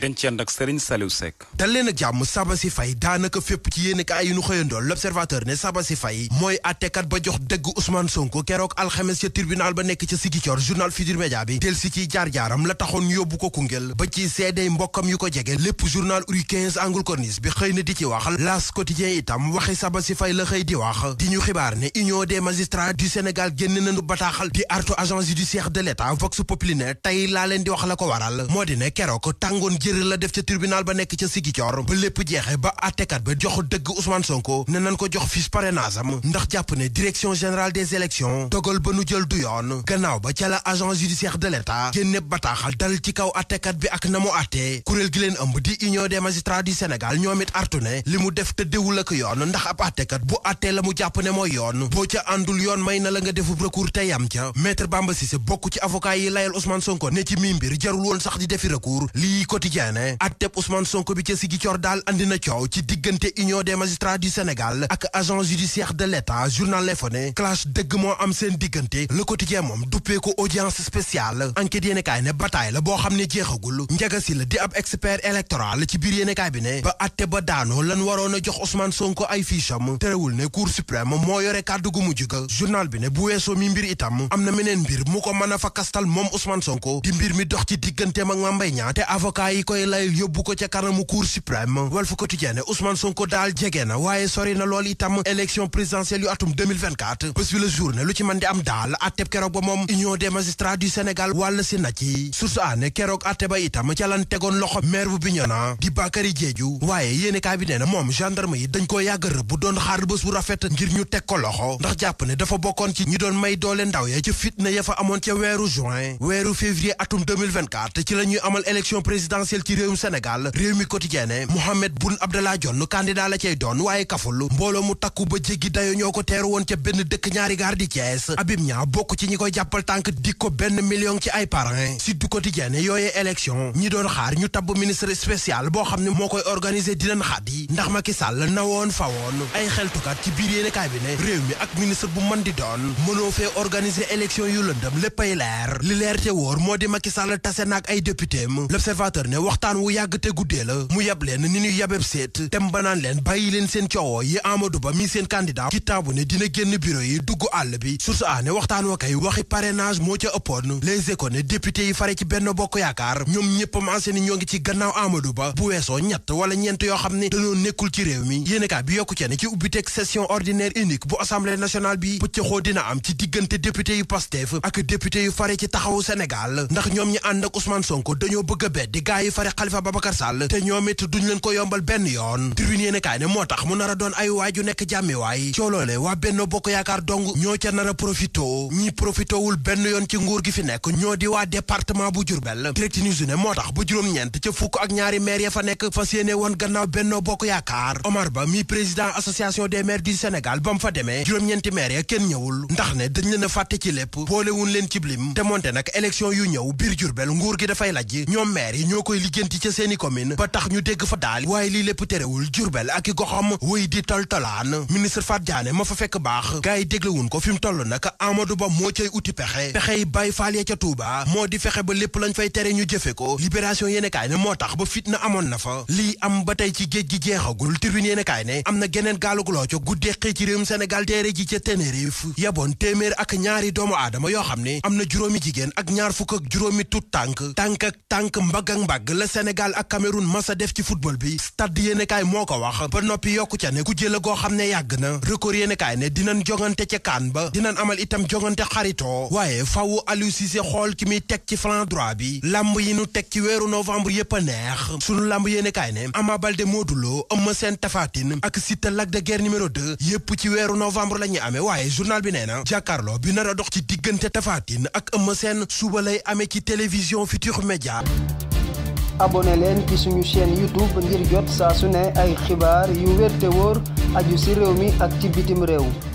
dañ ci ànd ak Serigne Saliou Seck dal leen ak jàmm daanaka fépp ci yéen kaay yu nu xëyandoo l'observateur ne Sabassy Faye mooy attekat ba jox dëgg Ousmane Sonko keroog alxames ca tribunal ba nekk ca Ziguinchor journal Futurs Médias bi del ci jaar-jaaram la taxoon yóbbu ko Koungheul ba ci seedey mbokkam yu ko jege lépp journal Rue 15 angle corniche bi xëy na di ci wax L'As Quotidien itam waxi Sabassy Faye la xëy di wax di ñu xibaar ne Union des magistrats du Sénégal génn nañu bataaxal di artu agence judiciaire de l'État la ko cëréer la def ca tribunal ba nekk ca Sigicoor ba lépp jeexe ba attekat ba jox dëgg Ousmane Sonko ne nañ ko jox fiche parrainage am ndax jàpp ne direction générale des élections dogal ba nu jël du yoon gannaaw ba ca la agent judiciaire de l'État génne bataaxal dal ci kaw attekat bi ak na mu àttee kuréel gi leen ëmb di Union des magistrats du Sénégal ñoom artu ne li mu def te déwul ak yoon ndax ab attekat bu attee la mu jàpp ne mooy yoon boo ca àndul yoon may na la nga defub recours te yam ca maître Bamba Cissé bokk ci avocat Quotidien ne atteb Ousmane Sonko bi ca Ziguinchor daal andi na coow ci diggante Union des magistrats du Sénégal ak agent judiciaire de l'État journal L'Info ne clash dëgg moo am seen diggante Le Quotidien moom duppee ko audience spéciale enquête yéenekaay ne bataille la boo xam ne jeexagul Ndiaga Sylla di ab expert électoral ci biir yéenekaay bi ne ba atte ba daanoo lan waroon a jox Ousmane Sonko ay ficham terewul ne Cour suprême moo yore kàddu gu mujj ga journal bi ne bu weesoo mi mbir itam am na meneen mbir mu ko mën a fa kastal moom Ousmane Sonko di mbir mi dox ci digganteem ak koy layul yóbbu ko ca kanamu cour suprême Walf Quotidien Ousmane Sonko daal jege na waaye sori lool itam élection présidentielle yu atum 2024 bi la journée lu ci mën di am daal atteb keroog ba moom union des magistrats du Sénégal wàll si na ci source aane keroog atte ba itam ca lan tegoon loxo maire bu Bignona di Bakary Diédhiou waaye yéene kaa na moom gendarme yi dañ koo yàgg rëbb bu doon xaar bés bu rafet ngir ñu teg ko loxo ndax jàpp ne présidentielle ci réewum Sénégal réew mi quotidien ne Mohamed Boun Abdallah Dionne candidat la cay doon waaye kaful mbooloo mu takku ba jéggi dayo ñoo ko teeru woon ca benn dëkk ñaari gaar di Thiès Habib Niang bokk ci ñi koy jàppal tànk di ko benn million ci ay parrain Sud Quotidien ne yooyee élection ñi doon xaar ñu tabb ministre spécial boo xam ne moo koy organiser dinañ xaat yi ndax Macky Sall na woon fa woon ay xeltukat ci biir yéenekaay bi ne réew mi ak ministre bu mën di doon mënoo fee organiser élection yu lëndëm léppay leer li leer te wóor di Macky Sall tase naak ay député mu l'observateur ne waxtaan wu yàgg te guddee la mu yab leen ni ñuy yabeb seet dem banaan leen bàyyi leen seen coowoo yi Amadou Ba mi seen candidat kitaabu ne dina génn bureau yi dugg àll bi source a ne waxtaan wa kay waxi parrainage moo ca ëppoon les éco ne député yi fare ci benn bokk yaakaar ñoom ñëppam enseigne ñoo ngi ci gannaaw Amadou Ba bu weesoo ñett wala ñeent yoo xam ne dañoo nekkul ci réew mi yéenekaay bi yokku ci ne ci ubbiteeg session ordinaire unique bu assemblée nationale dina am ci diggante député yu Pastef ak député yu fare ci taxawu Sénégal ndax ñoom ñi ànd ak Ousmane Sonko dañoo bëgg a beddi fare Xalifa Babacar Sall te ñoom it duñ leen ko yombal benn yoon tribune yéene kaay ne moo tax mu nar a doon ay waaju nekk jàmmiwaay cooloole waa Benno Bokk Yaakaar dong ñoo ca nar a profito ñi profitowul benn yoon ci nguur gi fi nekk ñoo di waa département bu Diourbel direct news ne moo tax bu juróom-ñeent ca fukk ak ñaari meer ya fa nekk fa yéene woon gannaaw Benno Bokk Yaakaar Omar Ba mi président association des maires du Sénégal ba mu fa demee juróom-ñeenti maire ya kenn ñëwul ndax ne dañ leen fàtte ci lépp boolewun leen ci blim te monte nag élection yu ñëw biir Diourbel nguur gi dafay lajj ñoom lijjanti ca seeni commune ba tax ñu dégg fa daal waaye lii lépp terewul Jurbel ak i goxam wéy di toltolaan ministre Fat ma fa fekk baax gars yi ko fi mu toll nag Amadou Ba moo cay uti pexe pexe yi Baay Faal ca Touba moo di fexe ba lépp lañ fay tere ñu jëfe ko libération yéene kaay ne moo tax ba fitna amoon na fa lii am ba tey ci géej gi jeexagul tribune yéene ne am na geneen gaaluguloo ca guddee xëy ci réewum Sénégal teere ji ca Ténérif yaboon téeméer ak ñaari doomu yoo xam ne am na juróomi jigéen ak ñaar fukk ak juróomi tut tànk tànk ak tànk mbagg ak mbagg dëgg la Sénégal ak Cameroun masa def ci football bi stade yéenekaay moo ko wax ba noppi yokku ca ne ku jëla goo xam ne yàgg na record yéenekaay ne dinan jongante ca kaan ba dinan amal itam jongante xarito waaye fawu Aliou Cissé xool ki muy teg ci flanc droit bi lamb yi nu teg ci weeru novembre yépp a neex sunu làmb yéenekaay ne Ama Baldé Modou Lô Eumeu Sène Tapha ak Siteu Lac de Guiers numéro 2 yépp ci weeru novembre la ñuy amee waaye journal bi nee na jàkkaarloo bi nar dox ci diggante Tapha Tine ak Eumeu Sène suba lay amee ci télévision Futurs Médias abone leen ci suñu chaîne YouTube ngir jot saa su ne ay xibaar yu wér woor aju ci réew mi ak ci bitim réew